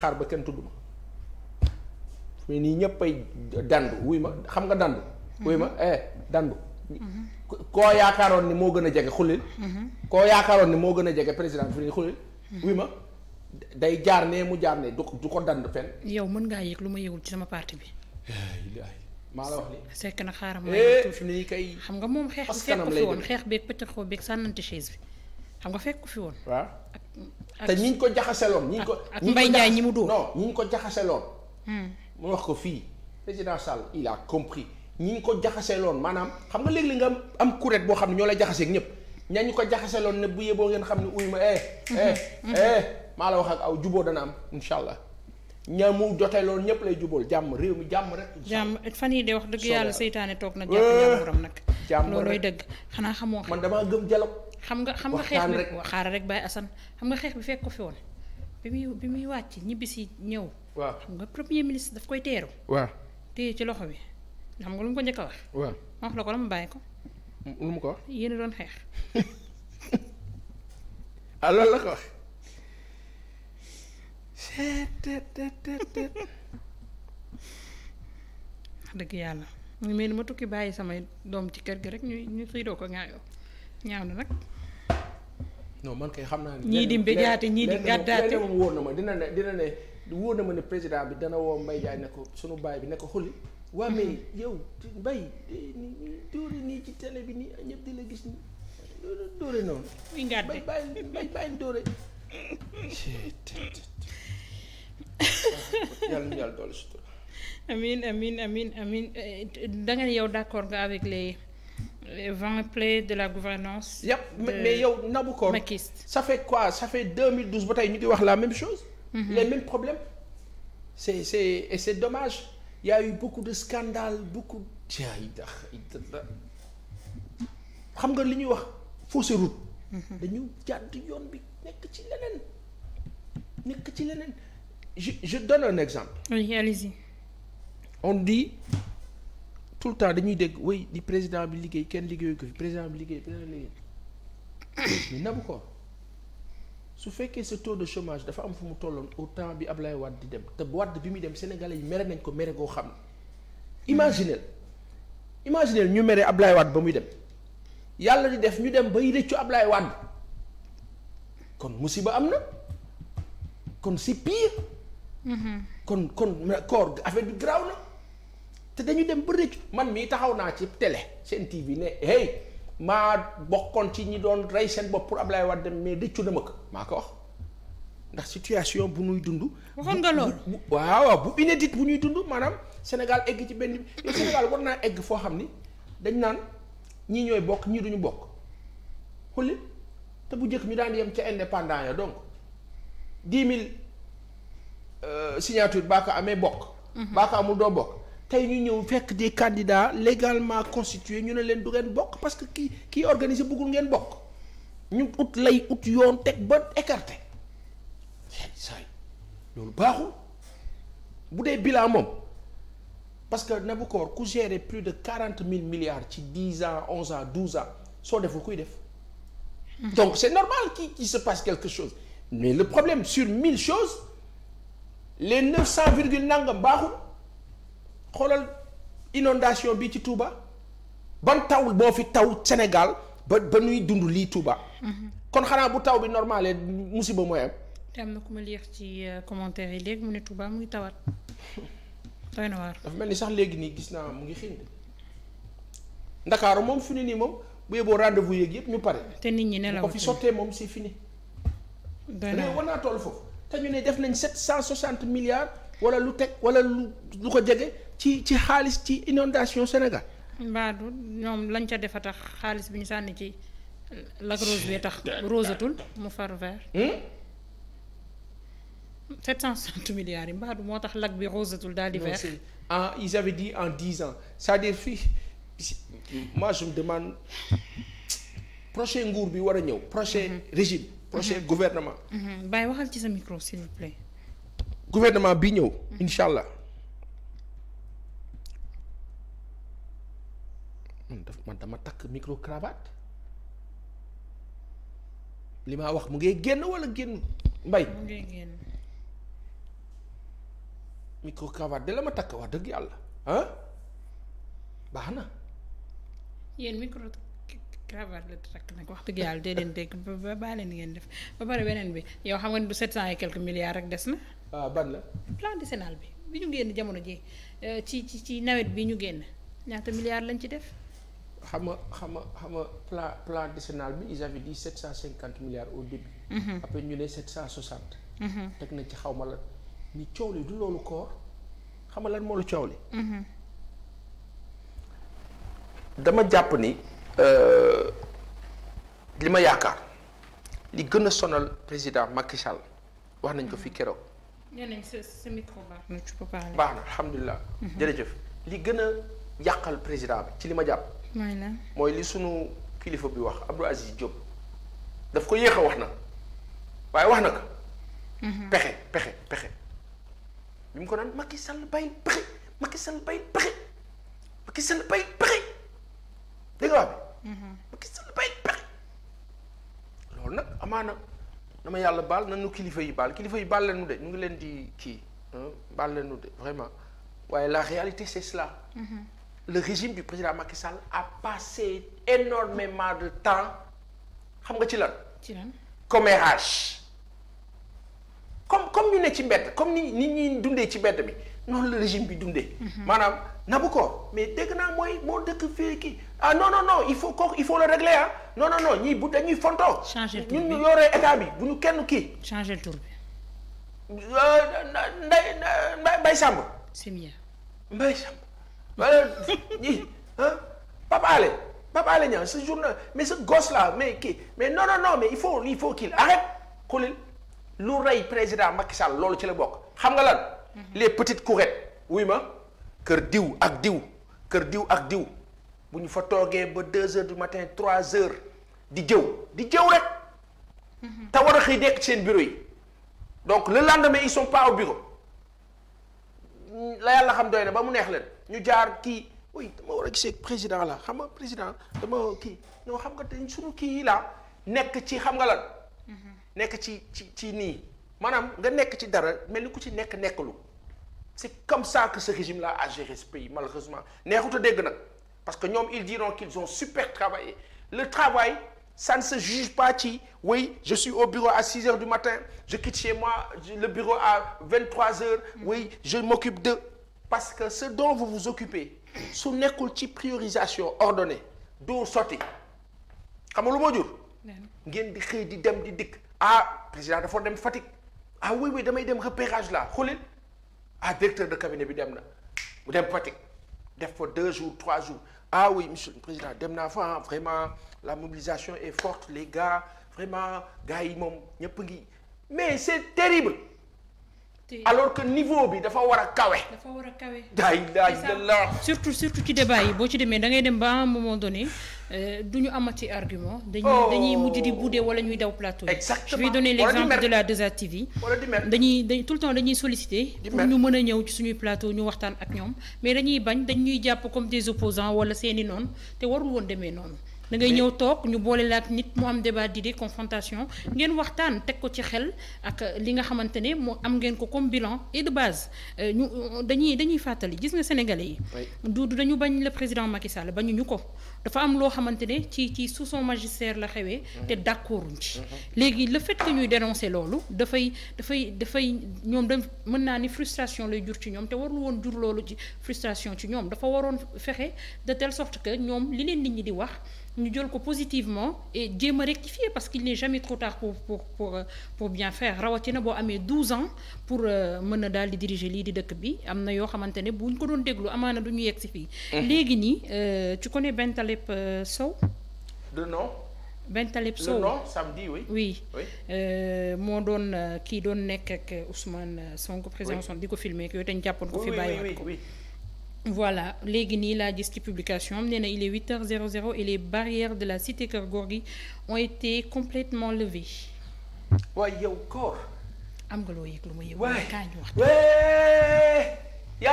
xaar ba kenn tudd ma mais nii ñëppay dandu wuy ma xam nga dandu wuy ma mm-hmm. eh dandu koo yaakaaroon ni moo gën a jege xulil mm-hmm. koo yaakaaroon ni moo gën a jege président fi nii xulil mm-hmm. wuy ma day jaar ne mu jaar ne du du ko dand fenn yow mën ngaa yëg lu ma yëgul ci sama parti bi maa na xaaral ma eh, tuuti nii kay xam nga moom xeex bi fekk fi woon xeex beeg pëccaxoo beeg sànnante chaise bi xam nga fekk fi woon. waaw te ñi ñu ko jaxaseloon. ñi ñu ko ak Mbaye Ndiaye ñi mu dóor non ñi ko jaxaseloon. Hmm. mu wax ko fii président Sall il a compris ñi ñu ko jaxaseeloon maanaam xam nga léegi li nga am am boo xam ne ñoo lay jaxaseeg ñëpp ña ñu ko jaxaseloon ne bu yeboo ngeen xam ne uy ma eh, eh, hmm. eh, maa la wax ak aw juboo dana am incha allah. ña mu jotee loolu ñëpp lay jubóol jàmm réew mi jàmm rek. jàmm fan yii de wax dëgg yàlla seytaane toog na. jàpp ñàmburam nag. jàmm rek loolooy dëgg xanaa xamoo. man damaa gëm xam nga xam nga xeex bi rek Baye Assane xam nga xeex bi fekk ko fi woon bi muy bi muy wàcc ñibbisi ñëw. waaw xam nga premier ministre daf koy teeru. waaw téye ci loxo bi xam nga lu mu ko njëkk a wax. ma wax la ko la mu bàyyi ko. lu mu ko wax. doon xeex. ah la ko wax. dëgg yàlla mu mel ni ma tukki bàyyi samay doom ci kër gi rek ñuy ñu xiidoo ko ñaayoo ñaaw na nag non man kay xam naa ne. ñii di mbéjaate ñii di gàddaate moom wóor na ma dina ne dina ne wóor na ma ne président bi dana woo Mbaye Ndiaye ne ko sunu baay bi ne ko xulli. waa mais mm-hmm. yow Mbaye eh, dóore nii ci télé bi nii ñëpp di la gis nii dóore noonu. muy ngàdde bay bàyyi bay bàyyi dóore. yàlla na yàlla doole sutura. Eh, yow d'accord nga avec les. vent plein de la gouvernance yëpp mais yow Nabou Cor ça fait quoi ça fait 2012 ba tey ñu ngi wax la même chose mm -hmm. les c'est c'est et c'est dommage il y a eu beaucoup de scandales beaucoup xam nga li ñuy wax fausse route mm-hmm. dañu jàdd yoon bi nekk ci leneen nekk ci leneen je je donne un exemple oui allez on dit tout le temps dañuy dégg oui di président bi liggéey kenn liggéeyu ko fi président bi liggéey bi liggéey mais nabu ko su fekkee sa taux de chômage dafa am fu mu tolloon au temps bi Ablaye Wade di dem te Wade bi muy dem Sénégalais yi mere nañ ko mere koo xam ne imaginel imaginel ñu mere Ablaye waat ba muy dem yàlla di def ñu dem bay rëccu Ablaye Wade kon musiba am na kon c'est pire. Mm-hmm. kon kon koor affaire bi garaaw na. te dañu dem ba rëccu man mii taxaw naa ci télé seen TV ne hey maa bokkoon ci ñi doon rey seen bopp pour Ablaye dem mais rëccu na ma ko maa ko wax ndax situation bu ñuy dund. waxoon nga lool waaw bu inédite bu ñuy dund maanaam Sénégal egg ci benn bi Sénégal war naa egg foo xam ni dañ naan ñii ñooy bokk ñii duñu bokk xulli te bu njëkk ñu daan yem ca indépendant ya donc dix mille euh, signature baa ko amee bokk. Mhm. baa ko amul doo bokk. tey ñu ñëw fekk des candidats légalement constitués ñu ne leen du ngeen bokk parce que ki kii organisé bëggul ngeen bokk ñu ut lay ut yoon teg ba écarté saay loolu baaxul bu dee bilan moom parce que bu Nabucor ku gérer plus de quarante mille milliards ci dix ans onze ans douze ans soo deful kuy def hmm. donc c'est normal qu'il qu'il se passe quelque chose mais le problème sur mille choses les neuf cent virgule nangam baaxul xoolal inondation bi ci Touba ban taw boo fi taw Sénégal ba ba nuy dund lii Touba. Mhm. kon xanaa bu taw bi normale musiba mooy am. te am na ku ma liir ci euh, commentaire yi léegi mu ne Touba mu ngi tawat doy na waar. dafa mel ni sax léegi nii gis naa mu ngi xind Ndakaaru moom fu ne nii moom bu yeboo rendez-vous yeeg yëpp ñu pare. te nit ñi ne ko fi sottee moom si fini. doy na war naa toll foofu. te ñu ne def nañ sept cent soixante milliards wala lu teg wala lu ko jege. ci ci xaalis ci inondation Sénégal. mbaadu ñoom lañ ca defa tax xaalis bi ñu sànni ci. lak rose bi tax rosatul mu far vert. 760 hmm? milliards yi mbaadu moo tax lak bi rosatul daal di vert. ah ils avaient en dix ans c'est-à-dire fii moi je me demande nguur bi war a ñëw prochain mhm. régime. prochain mhm. gouvernement. Mhm. bàyyi waxal ci sa micro s'il vous plaît. gouvernement bi ñëw. incha allah. man hmm, daf man dama takk micro cravate li ma wax mu ngay génn walla génn mbay mu ngay génn micro de la ma takk wax dëgg yàlla ah baax na yéen micro cravate la takk nag wax dëgg yàlla de leen dégg ba baa leen ngeen def ba pare beneen bi yow xam nga ni du sept cent et quelques milliards rek des na ah ban la plan décennal bi bi ñu génn jamono ji euh, ci ci ci nawet bi ñu génn ñaata milliards lañ ci def xam nga xam nga xam nga plan plan décennal bi ils avaient cent cinquante milliards au début. Mhm. après ñu ne mhm. teg na ci xaw ma la ni coow li du loolu koor xam nga lan moo la coow li. Mhm. dama jàpp ni euh, li ma yaakaar li gën a sonal président Macky Sall wax nañ ko fi keroog. nee baax na tu peux parler. li gën a yàqal président ci li ma jàpp. mooy la mooy li sunu kilifa bi wax Abdou Aziz Diop daf ko yéex a wax na waaye wax na ko. Mhm. pexe pexe pexe. bi mu ko naan Macky Sall bàyyi pexe Macky Sall bàyyi pexe Macky mhm. nag amaana na ma yàlla baal na nu kilifa yi baal kilifa yi baal leen nu de ñu ngi leen di kii baal leen nu de vraiment waaye la réalité c'est cela. Mhm. le régime du président Macky Sall a passé énormément de temps xam nga ci lan. ci lan comme comme ñu ne ci mbedd comme ni nit ñi dundee ci mbedd mi noonu le régime bi dundee. Mhm. maanaam nabu ko mais dégg naa mooy moo dëkk fii kii ah non non non il faut ko il faut le régler ah non non non ñii bu dañuy fontoo. changer tour bi ñu yoree état bi bu ñu kenn kii. changer tour bi. Euh, Ndeye Mbaye Samb. c'est mieux. Mbaye Samb. wala ñi ah Pape Alé Pape Alé Niang journal mais ce gosse là mais kii mais non non non mais il faut il faut qu'il arrête xulil lu rey président Macky Sall loolu ci la bokk xam nga lan mhm. les petites courettes wuy ma kër diw ak diw kër diw ak diw bu ñu fa toogee ba deux heures du matin trois heures di jëw di jëw rek mhm. te war a xëy nekk seen bureau yi donc le lendemain ils sont pas au bureau la yàlla xam doy na ba mu neex leen ñu jaar kii oui dama war a gisee président la xam nga président ma kii non xam nga dañ suñu kii yi laa nekk ci xam nga lan. nekk ci ci ci nii maanaam nga nekk ci dara mel ni ku ci nekk nekkalu c'est comme ça que ce régime là a géré ce pays malheureusement neexut a dégg nag parce que ñoom ils diront qu'ils ont super travaillé le travail. ça ne se juge pas ci oui je suis au bureau à six heures du matin je quitte chez moi le bureau à vingt-trois heures oui je m'occupe de parce que ce dont vous vous occupez su nekkul ci priorisation ordonnée doo sotti xam nga lu moo jur. ngeen di xëy di dem di dikk. ah président dafa dem Fatick ah oui oui damay dem repérage là xoolil ah directeur de cabinet bi dem na mu dem Fatick def fa deux jours trois jours ah oui monsieur le président dem naa fa vraiment la mobilisation est forte les gars vraiment gars yi moom ñëpp ngi mais c'est terrible. alors que niveau bi dafa war a kawe. dafa war a kawe. daay daay la surtout surtout ci débat yi boo ci demee da ngay dem ba à un moment donné euh, du ñu amati argument. dañuy oh. dañuy mujj di boudé wala ñuy daw plateau yi. exactement je vais donner la 2STV. wala di mer dañuy dañ tout le temps pour ñu mën a ñëw ci suñuy plateau ñu waxtaan ak ñoom mais dañuy bañ dañuy jàpp comme des opposants wala seeni noonu te warul woon demee noonu. da ngay ñëw toog ñu boole laak nit mu am débat d'idée confrontation ngeen waxtaan teg ko ci xel ak li nga xamante ne mu am ngeen ko comme bilan et de base euh, ñu euh, dañuy dañuy fàttali gis nga sénégalais yi. du du dañu bañ le président Macky Sall bañu ñu ko dafa am loo xamante ne ci ci sous son magistère la xewee. Mhm. te d'accorduñ ci. Mhm. léegi le fait que ñuy dénoncer loolu dafay dafay dafay ñoom da mën naa ni frustration lay jur ci ñoom te warul woon jur loolu ci frustration ci ñoom dafa waroon fexe de telle sorte que ñoom li leen nit ñi di wax. ñu jol ko positivement et jéem a rectifier parce qu'il ne jamais trop tard pour pour pour pour bien faire rawatina boo amee 12 ans pour euh, mën na daal di diriger lii di dëkk bi am na yoo xamante ne buñ ko doon déglu amaana du ñu yegg si fii. Mm-hmm. léegi nii ci euh, connais Bentaleb euh, Sow. de Sow non samedi oui. oui, moo doon kii doon nekk ak Ousmane Sonko président Sonko di ko filmer ak yooyu te ñu jàppoon ko fi bàyyiwaat ko. voilà léegi nii laa gis ci publication am nee na il est huit heures zéro zéro et les barrières de la cité Keur ont été complètement levées. waaye yow koor. am nga loo yëg lu ma yëg. waay waay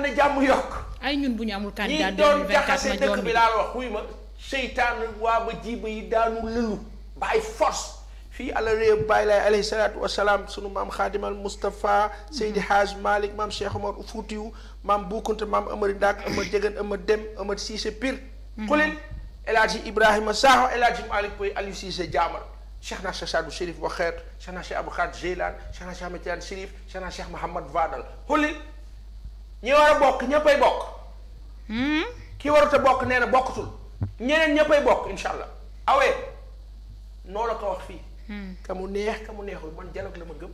na jàmm yokk. ay ñun bu ñu amul candidat 2024 doon ñi doon jaxase dëkk bi wax wuy ma. seytaan waa ba jiiba yi daanu lëlu ba force. fii àla réew bàyyi laay alayhi salaatu wasalaam sunu maam xaadimal Moustapha Seydi mm-hmm. Haaj Malick maam Cheikh Omar Foutiou maam Boukounta maam Amary Ndak Amar Jegan Amar Dem Amar Cissé Pire. xulil El Hadji Ibrahima Sakho El Hadji Malick Pouye Aliou Cissé Diamar. Cheikh naa Cheikh Sadou Chérif Waxeet Cheikh naa Cheikh Abou Khadre Jeylaan Cheikh naa Cheikh Ahmed Tidiane Chérif naa Cheikh Mouhamad Vadal xulil ñi war a bokk ñëppay bokk. Hmm? ki warut a bokk nee na bokkatul. ñeneen ñëppay bokk incha allah. awee noo la ko wax fii. Hmm. ka mu neex ka mu neexul man dialogue la ma gëm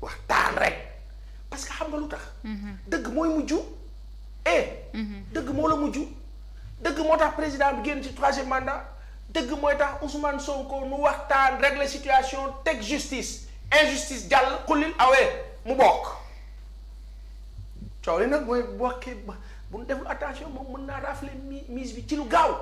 waxtaan rek. parce que xam nga lu tax. Mhm. dëgg mooy mujj. eh. Mhm. dëgg moo la mujj. dëgg moo tax président bi génn ci troisième mandat dëgg mooy tax Ousmane Sonko nu waxtaan la situation teg justice injustice jàll xulil awee ah mu bokk. coow li nag mooy bokkee ba bu ñu deful attention moom mun naa rafle mise bi ci lu gaaw.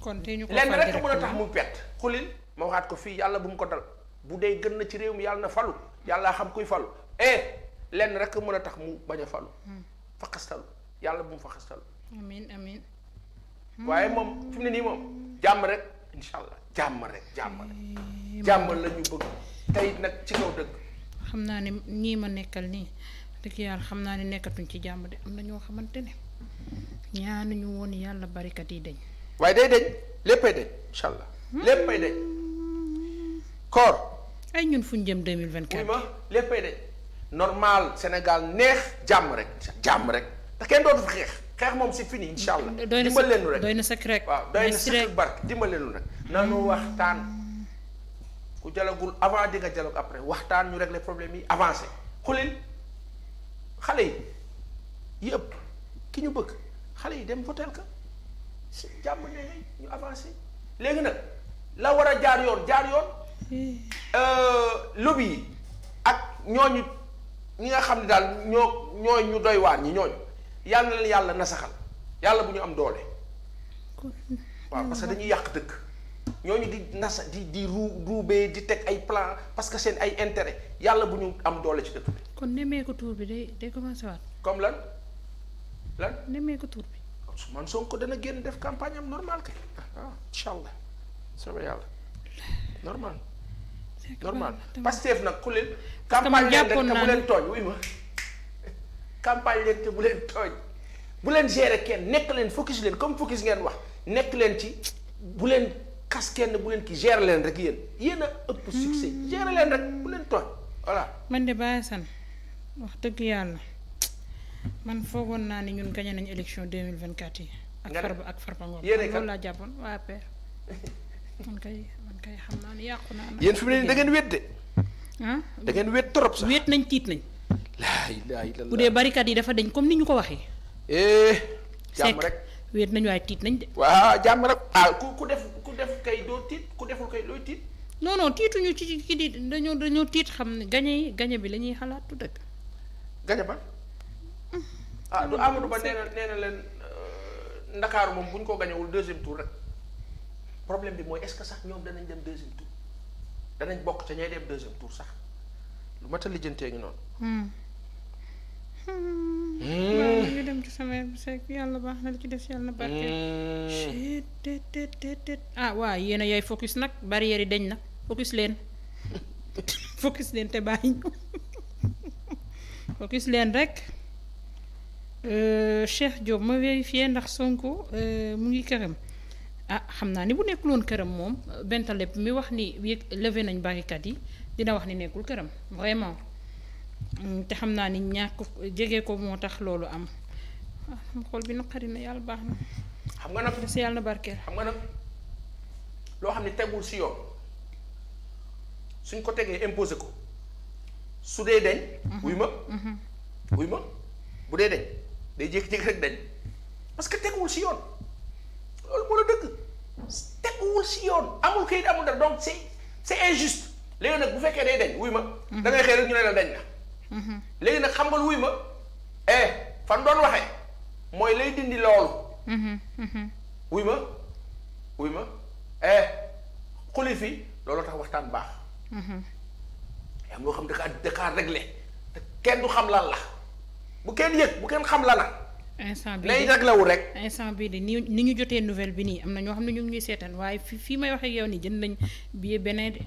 kon ñu ko lenn rek mën a tax mu pet xulil ma waxaat ko fii yàlla bu mu ko dal bu dee gën na ci réew mi yàlla na falu yàlla xam kuy falu eh. lenn rek mën a tax mu bañ a falu. Hmm. faxastalu yàlla bu mu faxastalu. amiin amiin. waaye hmm. moom fi mu ne nii moom jàmm rek incha allah jàmm rek jàmm rek. la ñu bëgg tey nag ci kaw dëgg. xam naa ni ñii ma nekkal nii dëgg yàlla xam naa ni nekkatuñ ci jàmm de am na ñoo xamante ne ñaanuñu woon yàlla barikat yi dañ. waaye day dañ léppay dañ incha allah. Hmm. léppay koor. ay ñun fu ñu jëm deux mille vingt quatre. léppay dañ. normal Sénégal neex jàmm rek jàmm rek te kenn dootu fi xeex xeex moom si fini incha allah. dimbal leenu rek doy na sëkk rek waaw doy na sëkk barke dimbal leenu rek. nanu waxtaan ku jalagul avant di nga jalag après waxtaan ñu régler problème yi avancé xulil xale yi yëpp ki ñu bëgg xale yi dem votel ka jàmm ne ñu avancé léegi nag la war a jaar yoon jaar yoon eh. euh, lobby yi ak ñooñu. ñi nga xam ne daal ñoo ñooy ñu doy waar ñi ñooñu yàlla na yàlla nasaxal yàlla bu ñu am doole. waaw parce que dañuy yàq dëkk. ñooñu di nasa di di ruu ruubee di teg ay plan parce que seen ay intérêt yàlla bu ñu am doole ci dëkk bi. kon nemmeeku tuur bi day day commencé waat. comme lan lan. nemmeeku tuur bi. Ousmane Sonko dana génn def campagne am normal kay ah, ah incha allah soobee yàlla normal. normal Pastef nag ku leen. campagne leen te bu leen tooñ wuy ma campagne leen te bu leen tooñ bu leen gérer kenn nekk leen focus leen comme focus ngeen wax nekk leen ci bu leen kas kenn bu leen ki gérer leen rek yéen yéen a ëpp succès hmm. gérer leen rek bu leen tooñ voilà. man de Baye Assane wax dëgg yàlla man foogoon naa ni ñun gagné nañu élection deux mille vingt quatre yi. ak farba ak farba ngoon. a ngi laa jàppoon waa APR. man kay man kay xam naa ne yàqu naa. yéen fi mu ne nii da ngeen de. ah da ngeen wét trop sax. wét nañ tiit nañ. bu dee barricade yi dafa dañ comme ni ñu ko waxee. Eh, jàmm rek wéet nañu waaye tiit nañ de. waaw jàmm rek. ah ku ku def ku def kay doo tiit ku deful kay looy tiit. non non tiituñu ci ci di dañoo tiit xam ne gañe gañe bi la ñuy xalaat du dëgg. gañe ba. Mm. ah du Amadou Ba nee nee na leen euh, Ndakaaru moom bu ñu ko gañewul deuxième tour rek. problème bi mooy est-ce que sax ñoom danañ dem deuxième tour danañ bokk ca ñay dem deuxième tour sax lu mat a lijjantee ngi noonu. Hmm. Hmm. Hmm. waaw ñu dem ci sama seeg yàlla baax na li ci def yàlla na barkeel. ah waaw yéen a yaay nag barrière deñ na focus leen focus leen te leen rek. Euh, Cheikh Diop ma vérifié ndax Sonko euh, mu ngi këram. ah xam naa ni bu nekkul woon këram moom Benta Lepp mi wax ni yëg leve nañ barricade yi dina wax ni nekkul këram vraiment mm, te xam naa ni ñàkk jege ko moo tax loolu am ah, xool bi naqari na yàlla baax na. xam nga nag si yàlla na xam nga nag loo xam ne tegul si yoon suñ ko tegee imposé ko su dee dañ. Mhm. wuy ma. Mhm. wuy ma bu dee dañ day jékki-jékki rek dañ parce que tegul si yoon. loolu moo la dëkk teguwul si yoon amul kayit amul dara donc c'est c'est léegi nag bu fekkee day dañ wuy ma mhm. da ngay xëy ñu ne la dañ na mhm. léegi nag xam nga wuy ma eh fan doon waxee mooy lay dindi loolu mhm, wuy ma wuy ma eh xuli fi loolu tax waxtaan baax yaa loo xam da kaa da réglé kenn du xam lan la bu kenn yëg bu kenn xam la la instant bii lay jaglewul rek. instant bi de ni ni ñu jotee nouvelle bi nii am na ñoo xam ne ñu ngi ñuy seetaan waaye fi fii may waxee yow nii jën nañ billet beneen de.